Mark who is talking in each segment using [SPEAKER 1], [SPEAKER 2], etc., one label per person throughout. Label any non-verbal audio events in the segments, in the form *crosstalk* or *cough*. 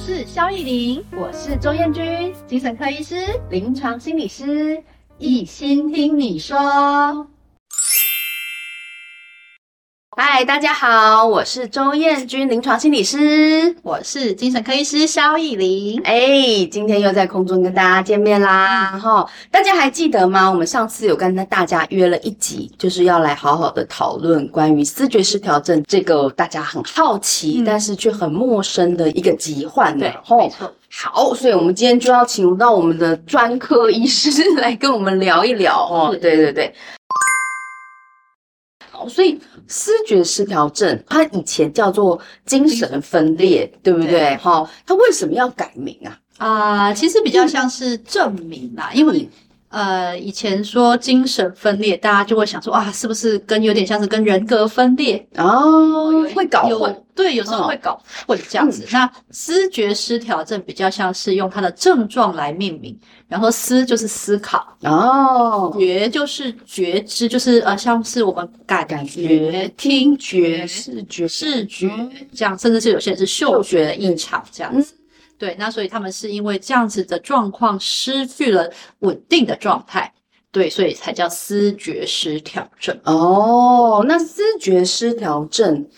[SPEAKER 1] 我是蕭亦伶，我是周彥君，精神科醫師、臨床心理師，醫心聽你說。
[SPEAKER 2] 嗨，Hi, 大家好，我是周彥君，臨床心理師，我是精神科醫師蕭亦伶，哎，今天又在空中跟大家見面啦，吼、嗯，大家還記得嗎？我們上次有跟大家約了一集，就是要來好好的討論關於思覺失調症這個大家很好奇，嗯、但是卻很陌生的一個疾患，嗯、對，吼，沒錯，好，所以我們今天就要請到我們的專科醫師來跟我們聊一聊，嗯、哦，對對對。所以，思覺失調症，它以前叫做精神分裂，神對不對？好對，它為什麼要改名啊？
[SPEAKER 1] 啊、呃，其實比較像是正名啦、啊，嗯、因為你。呃，以前說精神分裂，大家就會想說，哇、啊，是不是跟有點像是跟人格分裂哦，會搞混，對，有時候會搞混，哦、這樣子。嗯、那思覺失調症比較像是用它的症狀來命名，然後“思就是思考，哦，“覺”就是覺知，就是呃，像是我們感覺、感覺聽覺、視覺、視覺、覺這樣，甚至是有些人是嗅覺異常這樣子。嗯對，那所以他們是因為這樣子的狀況失去了穩定的狀態，對，所以才叫思覺失調症。
[SPEAKER 2] 哦，那思覺失調症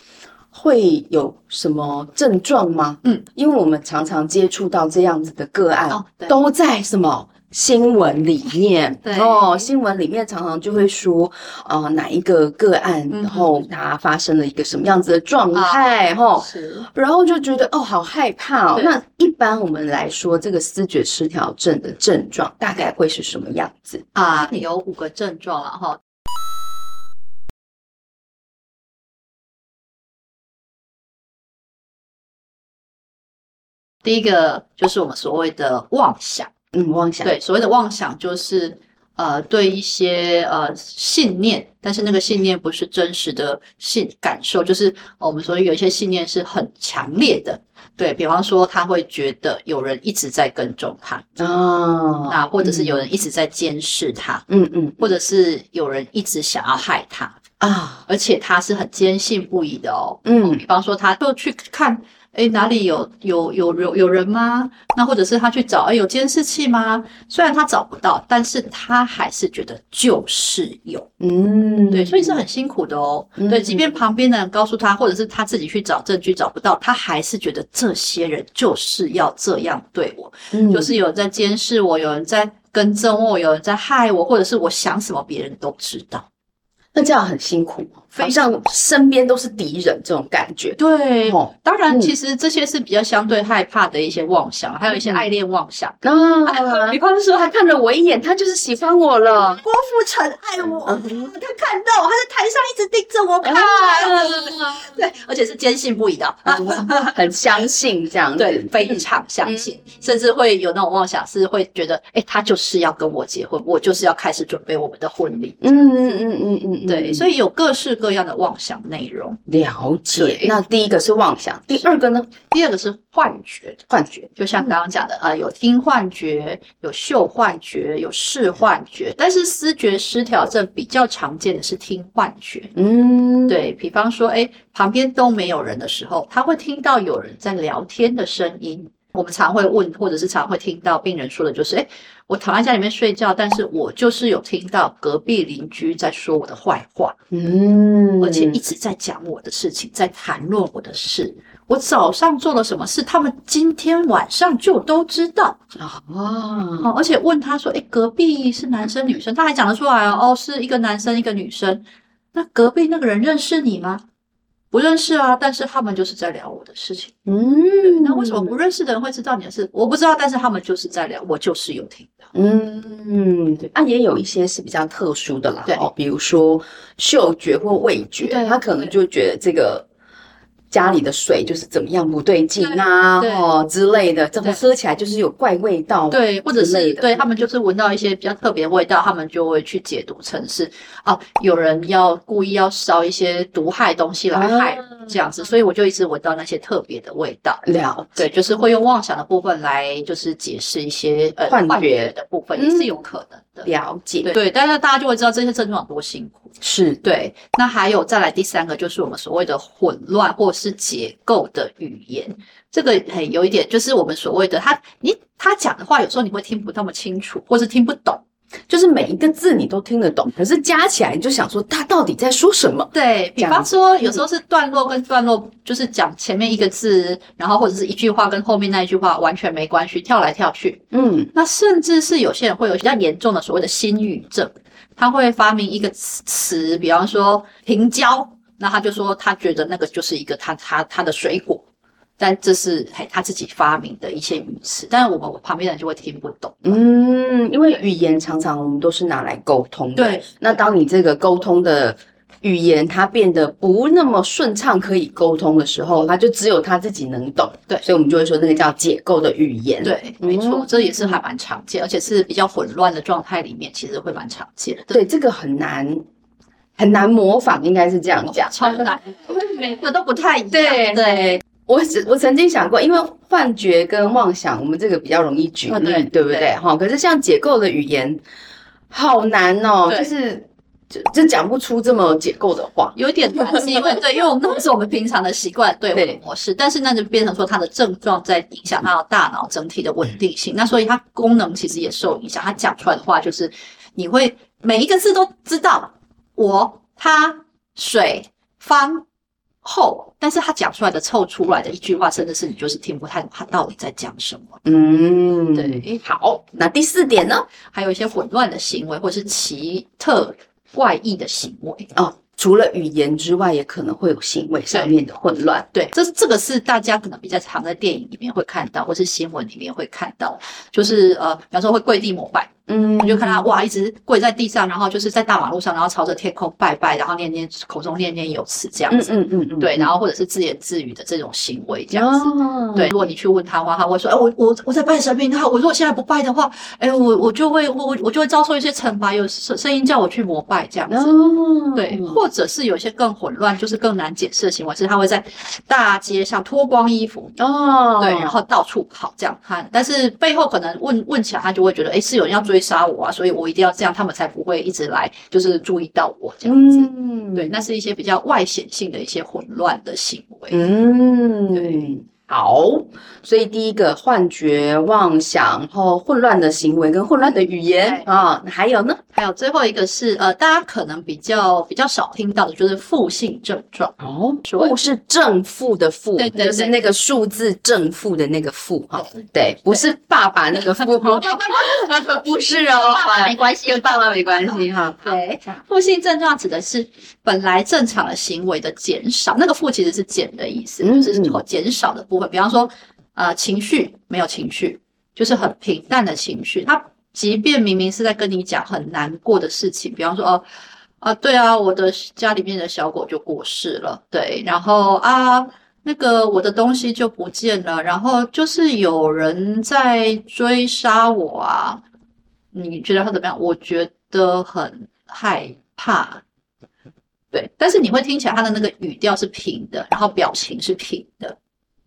[SPEAKER 2] 會有什麼症狀嗎？嗯，因為我們常常接觸到這樣子的個案，哦、對，都在什麼？新聞裡面哦，對新聞裡面常常就會說啊、呃，哪一個個案，然後它發生了一個什麼樣子的狀態，吼，然後就覺得哦，好害怕哦。對那一般我們來說，這個思覺失調症的症狀大概會
[SPEAKER 1] 是什麼樣子、嗯、啊？有五個症狀了哈。第一個就是我們所謂的妄想。嗯，妄想。對，所謂的妄想就是呃，對一些呃信念，但是那個信念不是真實的信感受，就是我們說有一些信念是很強烈的，對，比方說，他會覺得有人一直在跟蹤他、哦、啊，那或者是有人一直在監視他，嗯嗯，或者是有人一直想要害他啊，嗯嗯，而且他是很堅信不疑的哦，嗯，比方說他就去看。誒，哪裡有有有有有人嗎？那或者是他去找，誒有監視器嗎？雖然他找不到，但是他還是覺得就是有，嗯，對，所以是很辛苦的哦。嗯、對，即便旁邊的人告訴他，或者是他自己去找證據找不到，他還是覺得這些人就是要這樣對我，嗯、就是有人在監視我，有人在跟蹤我，有人在害我，或者是我想什麼，別人都知道。那這樣很辛苦嗎？非常身邊都是敵人這種感覺，對，當然其實這些是比較相對害怕的一些妄想，還有一些愛戀妄想啊。比方說，他看了我一眼，他就是喜歡我了。郭富城愛我，他看到他在台上一直盯着我看，對，而且是堅信不疑的啊，很相信這樣，對，非常相信，甚至會有那種妄想，是會覺得，哎，他就是要跟我結婚，我就是要開始準備我們的婚禮，嗯嗯嗯嗯嗯，對，所以有各式。各樣的妄想內容，了解。那第一個是妄想，第二個呢？第二個是幻覺，幻覺就像剛剛講的，呃，有聽幻覺，有嗅幻覺，有視幻覺。但是思覺失調症比較常見的是聽幻覺。嗯，對，比方說，哎，旁邊都沒有人的時候，他會聽到有人在聊天的聲音。我們常會問，或者是常會聽到病人說的，就是：欸，我躺在家裡面睡覺，但是我就是有聽到隔壁鄰居在說我的壞話，
[SPEAKER 2] 嗯，
[SPEAKER 1] 而且一直在講我的事情，在談論我的事。我早上做了什麼事，他們今天晚上就都知道。啊，嗯，
[SPEAKER 2] 而
[SPEAKER 1] 且問他說，欸，隔壁是男生女生？他還講得出來哦，哦，是一個男生，一個女生。那隔壁那個人認識你嗎？不認識啊，但是他們就是在聊我的事情。嗯，那為什麼不認識的人會知道你的事？嗯、我不知道，但是他們就是在聊，我就是有聽到。嗯，那、嗯啊、也有一些是比較特殊的啦，對，哦，比如說嗅覺或味
[SPEAKER 2] 覺，對，對他可能就覺得這個。家裡的水就是怎麼樣不對勁啊，對，哦之類的，怎麼喝起來就是有怪味道？對，對，或者是對，
[SPEAKER 1] 對，他們就是聞到一些比較特別的味道，嗯、他們就會去解讀成是哦、啊，有人要故意要燒一些毒害東西來害這樣子。啊、所以我就一直聞到那些特別的味道。了解對，就是會用妄想的部分來就是解釋一些幻覺、呃、的部分、嗯、也是有可能。了解，對，但是大家就會知道這些症狀有多辛苦。是，對。那還有再來第三個，就是我們所謂的混亂或是結構的語言，這個很有一點，就是我們所謂的他，你他講的話，有時候你會聽不那麼清楚，或是聽不懂。就是每一個字你都聽得懂，可是加起來你就想說他到底在說什麼？對，比方說，有時候是段落跟段落，就是講前面一個字，然後或者是一句話跟後面那一句話完全沒關係，跳來跳去。嗯，那甚至是有些人會有比較嚴重的所謂的新語症，他會發明一個詞，比方說“平交”，那他就說他覺得那個就是一個他他他的水果。但這是他他自己發明的一些語詞，但我們旁邊人就會聽不懂。
[SPEAKER 2] 嗯，因為語言常常我們都是拿來溝通的。對，那當你這個溝通的語言它變得不那麼順暢，可以溝通的時候，它就只有他自己能懂。對，所以我們就會說那個叫解構的語
[SPEAKER 1] 言。對，嗯、沒錯，這也是還蠻常見，而且是比較混亂的狀態裡面，其實會蠻常見的。對，對這個很難很難模仿，應該是
[SPEAKER 2] 這樣講。超難、嗯，因
[SPEAKER 1] 為每個都不太一樣。對、欸、
[SPEAKER 2] 對。我只我曾經想過，因為幻覺跟妄想，我們這個比較容易舉例，啊、對，對不對？哈對、哦，可是像解構的語言，
[SPEAKER 1] 好難哦，對就是就就講不出這麼解構的話，有點難， *laughs* 因為對，因為我們那不是我們平常的習慣對話模式，對對，但是那就變成說，他的症狀在影響他的大腦整體的穩定性，嗯、那所以他功能其實也受影響，他講出來的話就是，你會每一個字都知道，我他水方。後，但是他講出來的湊出來的一句話，甚至是你就是聽不太懂他到底在講什麼。
[SPEAKER 2] 嗯，對。
[SPEAKER 1] 好，那第四點呢？還有一些混亂的行為，或是奇特怪異的行為哦，除了語言之外，也可能會有行為上面的混亂。對，對，對，這是這個是大家可能比較常在電影裡面會看到，或是新聞裡面會看到，就是呃，比方說會跪地膜拜。嗯，你就看他哇，一直跪在地上，然後就是在大馬路上，然後朝着天空拜拜，然後念念口中念念有詞這樣子，嗯嗯嗯對，然後或者是自言自語的這種行為這樣子，哦、對。如果你去問他的話，他會說：“哎、嗯，我我我在拜神明，他我如果現在不拜的話，哎，我我就會我我我就會遭受一些懲罰，有聲聲音叫我去膜拜這樣子，哦、對。嗯、或者是有一些更混亂，就是更難解釋的行為，嗯、是他會在大街上脫光衣服哦，對，然後到處跑這樣看，但是背後可能問問起來，他就會覺得，哎，是有人要追。殺我啊！所以我一定要這樣，他們才不會一直來，就是注意到我這樣子。嗯、對，那是一些比較外顯性的一些混亂的行為。嗯，對嗯，
[SPEAKER 2] 好。所以第一個幻覺、妄想，然後混亂的行為跟混亂的語言、
[SPEAKER 1] 嗯、啊，還有呢？還有最後一個是，呃，大家可能比較比較少聽到的，就是負性症狀哦，負以是正負的負，對對、嗯，就是那個數字正負的那個負哈，對，不是爸爸那個負。哦，不是哦，沒關係，跟爸爸沒關係哈。對，負性症狀指的是本來正常的行為的減少，那個負其實是減的意思，就是減少的部分。嗯嗯，比方說，呃，情緒沒有情緒，就是很平淡的情緒，它。即便明明是在跟你講很難過的事情，比方說哦啊對啊，我的家裡面的小狗就過世了，對，然後啊那個我的東西就不見了，然後就是有人在追殺我啊，你覺得他怎麼樣？我覺得很害怕，對，但是你會聽起來他的那個語調是平的，然後表情是平的，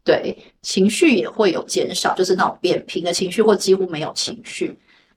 [SPEAKER 1] 對，情緒也會有減少，就是那種扁平的情緒或幾乎沒有情緒。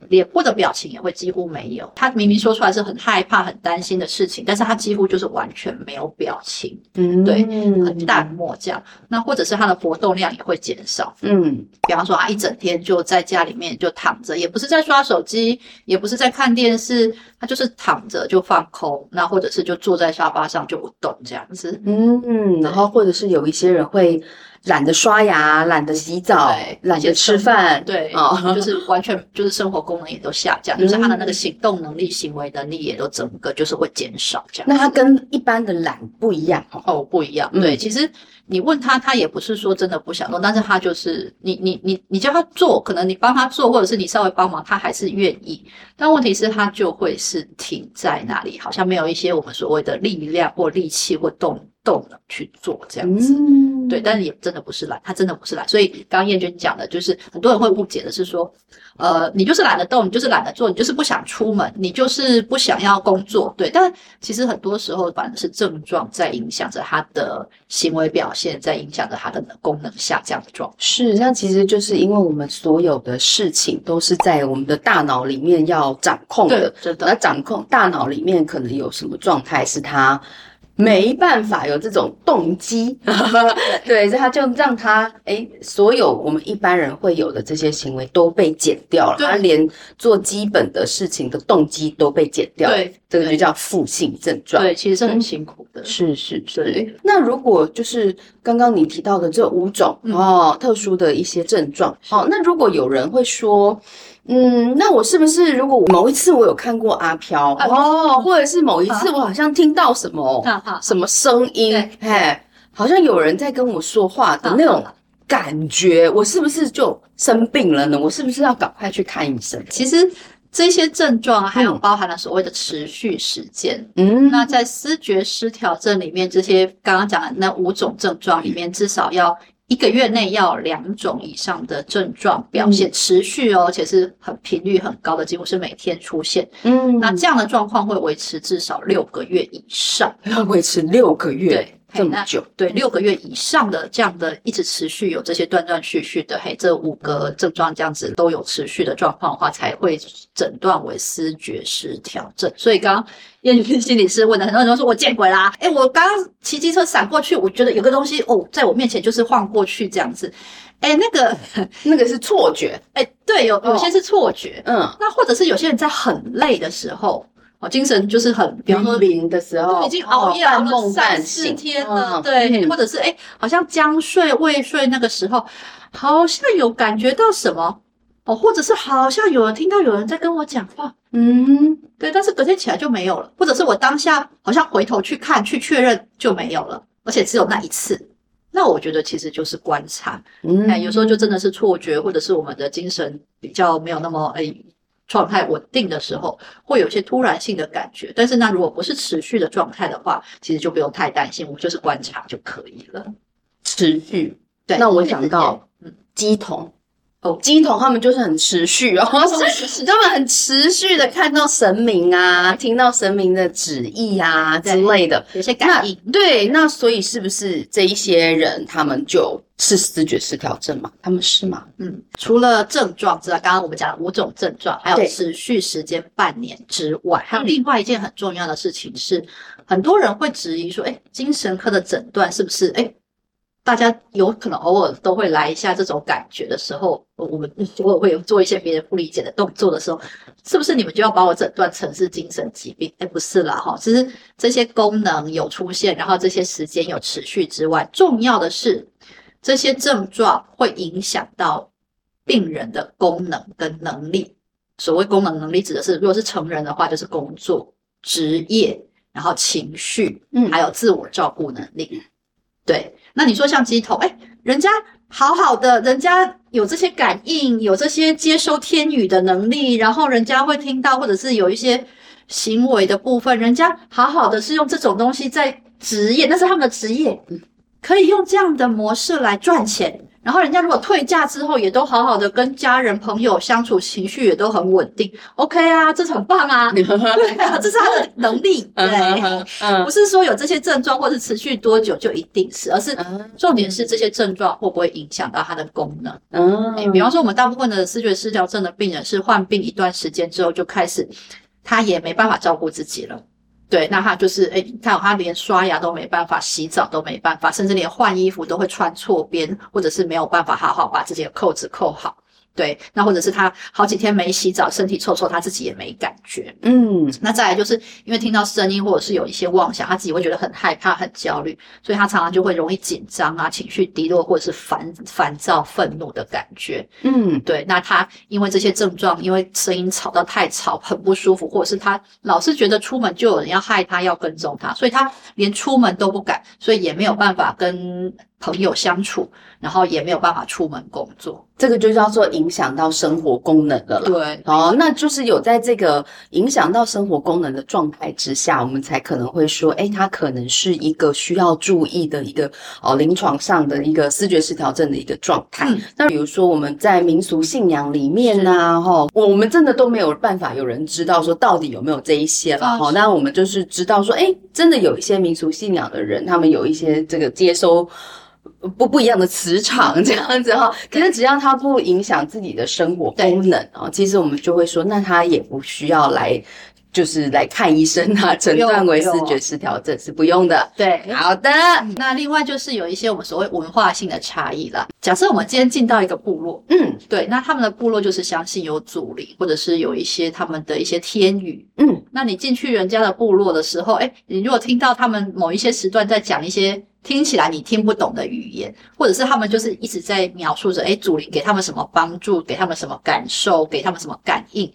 [SPEAKER 1] 臉部的表情也會幾乎沒有，他明明說出來是很害怕、很擔心的事情，但是他幾乎就是完全沒有表情，嗯，對，很淡漠這樣。那或者是他的活動量也會減少，嗯，比方說他一整天就在家裡面就躺着，也不是在刷手機，也不是在看電視，他就是躺着就放空，那或者是就坐在沙發上就不動這樣子
[SPEAKER 2] 嗯，嗯，然後或者是有一些人會。懶得刷牙，懶得
[SPEAKER 1] 洗澡，懶對得吃飯，對吃飯，對， *laughs* 就是完全就是生活功能也都下降，就是他的那個行動能力、行為能力也都整個就是會減少這樣。那他跟一般的懶不一樣哦，不一樣。對，其實你問他，他也不是說真的不想做，嗯、但是他就是你你你你叫他做，可能你幫他做，或者是你稍微幫忙，他還是願意。但問題是他就會是停在那裡，嗯、好像沒有一些我們所謂的力量或力氣或動動了去做這樣子。嗯對，但是也真的不是懶，他真的不是懶。所以剛剛彥君講的，就是很多人會誤解的是說，呃，你就是懶得動，你就是懶得做，你就是不想出門，你就是不想要工作。對，但其實很多時候反而是症狀在影響着他的行為表現，在影響着他的功能下降的狀態。
[SPEAKER 2] 是，那其實就是因為我們所有的事情都是在我們的大腦裡面要掌控的，對的。那掌控大腦裡面可能有什麼狀態是他？沒辦法有這種動機， *laughs* 對，所以他就讓他，誒，所有我們一般人會有的這些行為都被剪掉了，對他連做基本的事情的動機都被剪掉了，對這個就叫負性症狀，對，對嗯、其實是很辛苦的，是是是。對那如果就是剛剛你提到的這五種哦，嗯、特殊的一些症狀是、哦，那如果有人會說。嗯，那我是不是如果某一次我有看過阿飄哦，啊、或者是某一次我好像聽到什麼、啊啊啊、什麼聲音，嘿，好像有人在跟我說話的那種感覺，
[SPEAKER 1] 啊啊、我是不是就生病了呢？我是不是要趕快去看醫生？其實這些症狀還有包含了所謂的持續時間。嗯，那在思覺失調症裡面，這些剛剛講的那五種症狀裡面，至少要。一個月內要有兩種以上的症狀表現持續哦，嗯、而且是很頻率很高的，幾乎是每天出現。嗯，那這樣的狀況會維持至少六個月以上，要維持六個月。對。這麼久，對，六個月以上的這樣的，一直持續有這些斷斷續續的，嘿，這五個症狀這樣子都有持續的狀況的話，才會診斷為思覺失調症。所以剛剛彥君 *noise* 心理師問的很多，人，說我見鬼啦。哎、欸，我剛剛騎機車閃過去，我覺得有個東西哦，在我面前就是晃過去這樣子。哎、欸，那個 *laughs* 那個是錯覺。哎、欸，對、哦，有有些是錯覺。哦、嗯，那或者是有些人在很累的時候。哦，精神就是很黎明的時候，都已經熬夜熬了三四天了，對，嗯、或者是誒、欸，好像將睡未睡那個時候，好像有感覺到什麼哦，或者是好像有人聽到有人在跟我講話，嗯，對，但是隔天起來就沒有了，或者是我當下好像回頭去看去確認就沒有了，而且只有那一次，那我覺得其實就是觀察，嗯、欸，有時候就真的是錯覺，或者是我們的精神比較沒有那麼誒、欸狀態穩定的時候，會有一些突然性的感覺，但是那如果不是持續的狀態的話，其實就不用太擔心，我們就是觀察就可以了。持續，對，那我想到，嗯，
[SPEAKER 2] 肌痛。哦，乩童，oh, 他們就是很持續哦， *laughs* 他們很持續的看到神明啊，對聽到神明的旨意啊之類的，有些感應。對，那所以是不是這一些人他們就是思覺失調症嘛？他們是嗎？嗯，
[SPEAKER 1] 除了症狀之外，剛剛我們講了五種症狀，還有持續時間半年之外，對還有另外一件很重要的事情是，很多人會質疑說，誒、欸、精神科的診斷是不是？誒、欸大家有可能偶爾都會來一下這種感覺的時候，我，我們偶爾會有做一些別人不理解的動作的時候，是不是你們就要把我診斷成是精神疾病？哎，不是啦，哈，其實這些功能有出現，然後這些時間有持續之外，重要的是這些症狀會影響到病人的功能跟能力。所謂功能能力指的是，如果是成人的話，就是工作、職業，然後情緒，還有自我照顧能力，嗯，對。那你說像乩童，哎，人家好好的，人家有這些感應，有這些接收天語的能力，然後人家會聽到，或者是有一些行為的部分，人家好好的是用這種東西在執業，那是他們的職業。可以用這樣的模式來賺錢，然後人家如果退駕之後，也都好好的跟家人朋友相處，情緒也都很穩定，OK 啊，這是很棒啊， *laughs* 對啊，這是他的能力， *laughs* 對， *laughs* 不是說有這些症狀或是持續多久就一定是，而是重點是這些症狀會不會影響到他的功能。嗯、 *laughs* 欸，比方說我們大部分的思覺失調症的病人是患病一段時間之後就開始，他也沒辦法照顧自己了。對，那他就是，哎，他看，他連刷牙都沒辦法，洗澡都沒辦法，甚至連換衣服都會穿錯邊，或者是沒有辦法好好把自己的釦子扣好。對，那或者是他好幾天沒洗澡，身體臭臭，他自己也沒感覺。嗯，那再來就是因為聽到聲音或者是有一些妄想，他自己會覺得很害怕、很焦慮，所以他常常就會容易緊張啊，情緒低落或者是煩煩躁、憤怒的感覺。
[SPEAKER 2] 嗯，對，
[SPEAKER 1] 那他因為這些症狀，因為聲音吵到太吵，很不舒服，或者是他老是覺得出門就有人要害他、要跟蹤他，所以他連出門都不敢，所以也沒有辦法跟朋友相處，然後也沒有辦法出門工作，
[SPEAKER 2] 這個就叫做影響到生活功能
[SPEAKER 1] 了。對哦，那就是有在這個
[SPEAKER 2] 影響到生活功能的狀態之下，我們才可能會說，哎，他可能是一個需要注意的一個哦、呃，臨床上的一個思覺失調症的一個狀態。嗯、那比如說我們在民俗信仰裡面啊，哈是、哦，我們真的都沒有辦法有人知道說到底有沒有這一些了。好生、哦，那我們就是知道說，哎，真的有一些民俗信仰的人，他們有一些這個接收。不不一樣的磁場這樣子哈，可是只要他不影響自己的生活功能啊，對其實我們就會說，那他也不需要來。就是來看醫生啊，診斷為思覺失調症是不用的。不用，
[SPEAKER 1] 對，好的。 *laughs* 那另外就是有一些我們所謂文化性的差異了。假設我們今天進到一個部落，嗯，對，那他們的部落就是相信有祖靈，或者是有一些他們的一些天語。嗯，那你進去人家的部落的時候，哎，你如果聽到他們某一些時段在講一些聽起來你聽不懂的語言，或者是他們就是一直在描述着，哎，祖靈給他們什麼幫助，給他們什麼感受，給他們什麼感應。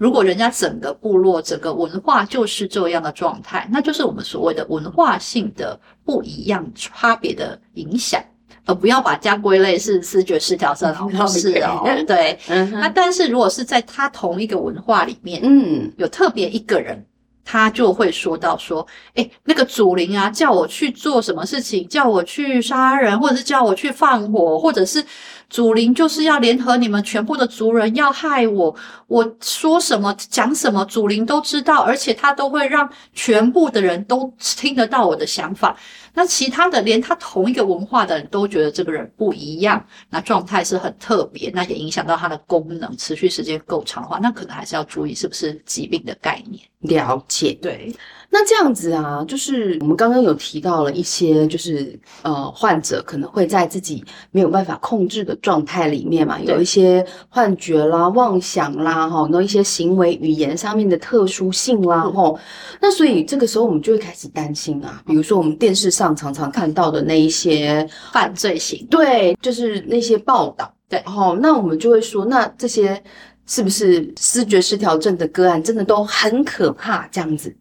[SPEAKER 1] 如果人家整個部落、整個文化就是這樣的狀態，那就是我們所謂的文化性的不一樣差別的影響，而不要把家歸類是思覺失調症的。是的，哦。嗯、對，嗯、哼那但是如果是在他同一個文化裡面，嗯，有特別一個人，他就會說到說，誒，那個祖靈啊，叫我去做什麼事情，叫我去殺人，或者是叫我去放火，或者是。祖靈就是要聯合你們全部的族人要害我，我說什麼講什麼，祖靈都知道，而且他都會讓全部的人都聽得到我的想法。那其他的連他同一個文化的人都覺得這個人不一樣，那狀態是很特別，那也影響到他的功能，持續時間夠長的話，那可能還是要注意是不是疾病的概念。
[SPEAKER 2] 了解。對。那這樣子啊，就是我們剛剛有提到了一些，就是呃，患者可能會在自己沒有辦法控制的狀態裡面嘛，嗯、有一些幻覺啦、妄想啦，哈，然後一些行為語言上面的特殊性啦，哈、嗯，那所以這個時候我們就會開始擔心啊，嗯、比如說我們電視上常常看到的那一些、嗯、犯罪型，對，就是那些報道，嗯、對，哈，那我們就會說，那這些是不是思覺失調症的個案，
[SPEAKER 1] 真的都很可怕這樣子？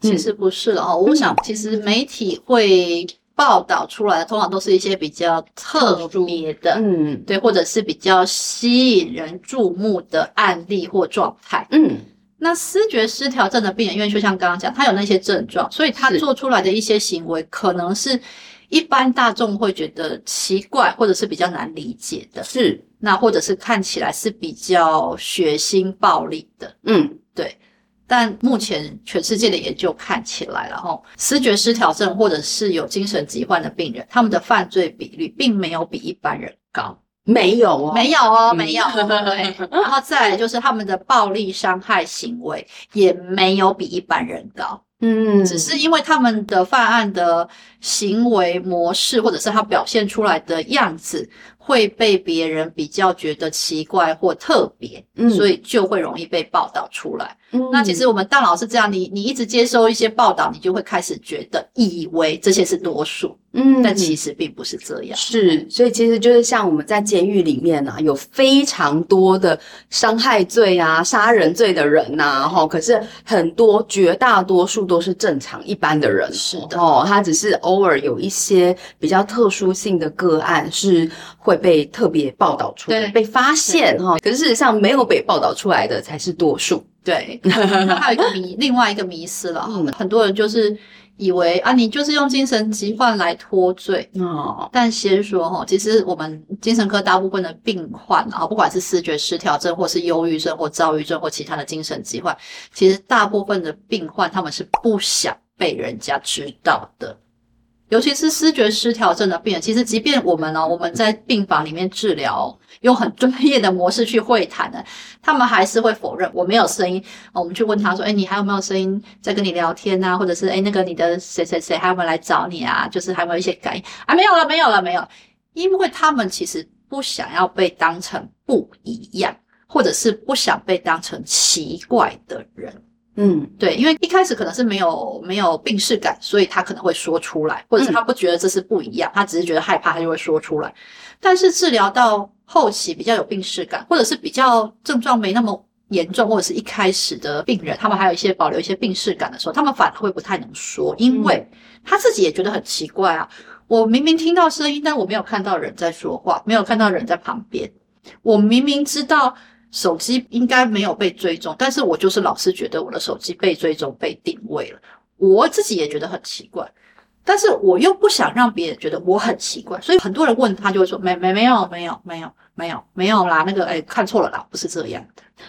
[SPEAKER 1] 其實不是的，哦嗯，我想其實媒體會報道出來的，通常都是一些比較特別的，嗯，對，或者是比較吸引人注目的案例或狀態，嗯。那思覺失調症的病人，因為就像剛剛講，他有那些症狀，所以他做出來的一些行為，可能是一般大眾會覺得奇怪，或者是比較難理解的，是，嗯。那或者是看起來是比較血腥暴力的，嗯，對。但目前全世界的研究看起來了，然後思覺失調症或者是有精神疾患的病人，他們的犯罪比率並沒有比一般人高，沒有哦，沒有哦，嗯、沒有、哦。對， *laughs* 然後再來就是他們的暴力傷害行為也沒有比一般人高，嗯，只是因為他們的犯案的行為模式或者是他表現出來的樣子。會被別人比較覺得奇怪或特別，嗯，所以就會容易被報道出來。嗯，那其實我們大腦是這樣，你你一直接收一些報道，你就會開始覺得以為這些是多數。嗯，但其實並不是這樣，嗯。
[SPEAKER 2] 是，所以其實就是像我們在監獄裡面吶，啊，有非常多的傷害罪啊，殺人罪的人吶，啊，哈，哦，可是很多絕大多數都是正常一般的人。是的，哦，他只是偶爾有一些比較特殊性的個案是會被特別報道出來，對被發現哈對，哦。可是事實上，沒有被報道出來的才是多數。
[SPEAKER 1] 對， *laughs* 還有一個迷， *laughs* 另外一個迷失了，嗯，很多人就是，以為啊，你就是用精神疾患來脫罪。哦、嗯，但先說哈，其實我們精神科大部分的病患啊，不管是思覺失調症，或是憂鬱症，或躁鬱症，或其他的精神疾患，其實大部分的病患他們是不想被人家知道的。尤其是思覺失調症的病人，其實即便我們呢、哦，我們在病房裡面治療，用很專業的模式去會談呢，他們還是會否認，我沒有聲音。我們去問他說：“哎，你還有沒有聲音在跟你聊天啊？或者是哎，那個你的誰誰誰還有沒有來找你啊？就是還有沒有一些感應啊，沒有了，沒有了，沒有。因為他們其實不想要被當成不一樣，或者是不想被當成奇怪的人。”嗯，對，因為一開始可能是沒有沒有病恥感，所以他可能會說出來，或者是他不覺得這是不一樣，嗯、他只是覺得害怕，他就會說出來。但是治療到後期比較有病恥感，或者是比較症狀沒那麼嚴重，或者是一開始的病人，他們還有一些保留一些病恥感的時候，他們反而會不太能說，因為他自己也覺得很奇怪啊，我明明聽到聲音，但我沒有看到人在說話，沒有看到人在旁邊，我明明知道。手機應該沒有被追蹤，但是我就是老是覺得我的手機被追蹤、被定位了。我自己也覺得很奇怪，但是我又不想讓別人覺得我很奇怪，所以很多人問他就會說：沒沒沒有沒有沒有沒有沒有啦，那個哎，看錯了啦，不是這樣。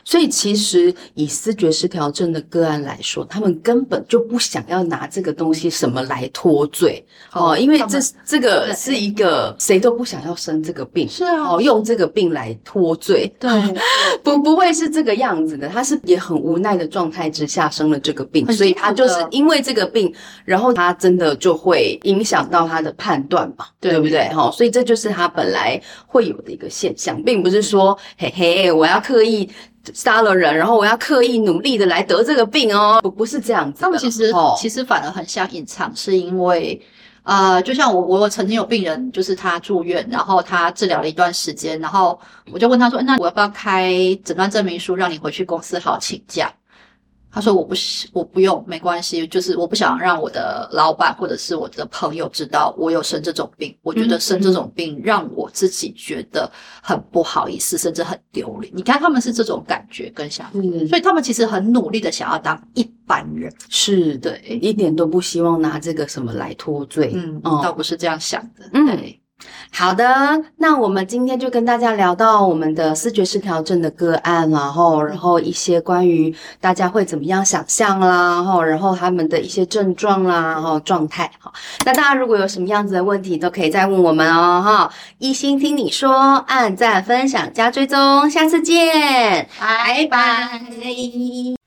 [SPEAKER 2] 所以，其實以思覺失調症的個案來說，他們根本就不想要拿這個東西什麼來脫罪哦，因為這們這個是一個誰都不想要生這個病，是啊，哦，用這個病來脫罪，對，不不會是這個樣子的，他是也很無奈的狀態之下生了這個病，所以他就是因為這個病，然後他真的就會影響到他的判斷吧？對不對？哈對，所以這就是他本來會有的一個現象，並不是說嘿嘿，我要刻意。殺了人，然後我要刻意努力的來得
[SPEAKER 1] 這個病哦，不不是這樣子的。其實其實反而很想隱藏，是因為呃就像我我曾經有病人，就是他住院，然後他治療了一段時間，然後我就問他說，那我要不要開診斷證明書，讓你回去公司好請假。他說：“我不，我不用，沒關係，就是我不想讓我的老闆或者是我的朋友知道我有生這種病。我覺得生這種病讓我自己覺得很不好意思，嗯、甚至很丟臉。你看他們是這種感覺跟想法，嗯、所以他們其實很努力的想要當一般人，是的，一點都不希望拿這個什麼來脫罪。嗯，嗯倒
[SPEAKER 2] 不是這樣想的，嗯。對”好的，那我們今天就跟大家聊到我們的思覺失調症的個案，然後，然後一些關於大家會怎麼樣想象啦，然後他們的一些症狀啦，然後狀態哈。那大家如果有什麼樣子的問題，都可以再問我們哦，哈，醫心聽你說，按讚、分享、加追蹤，下次見，拜拜。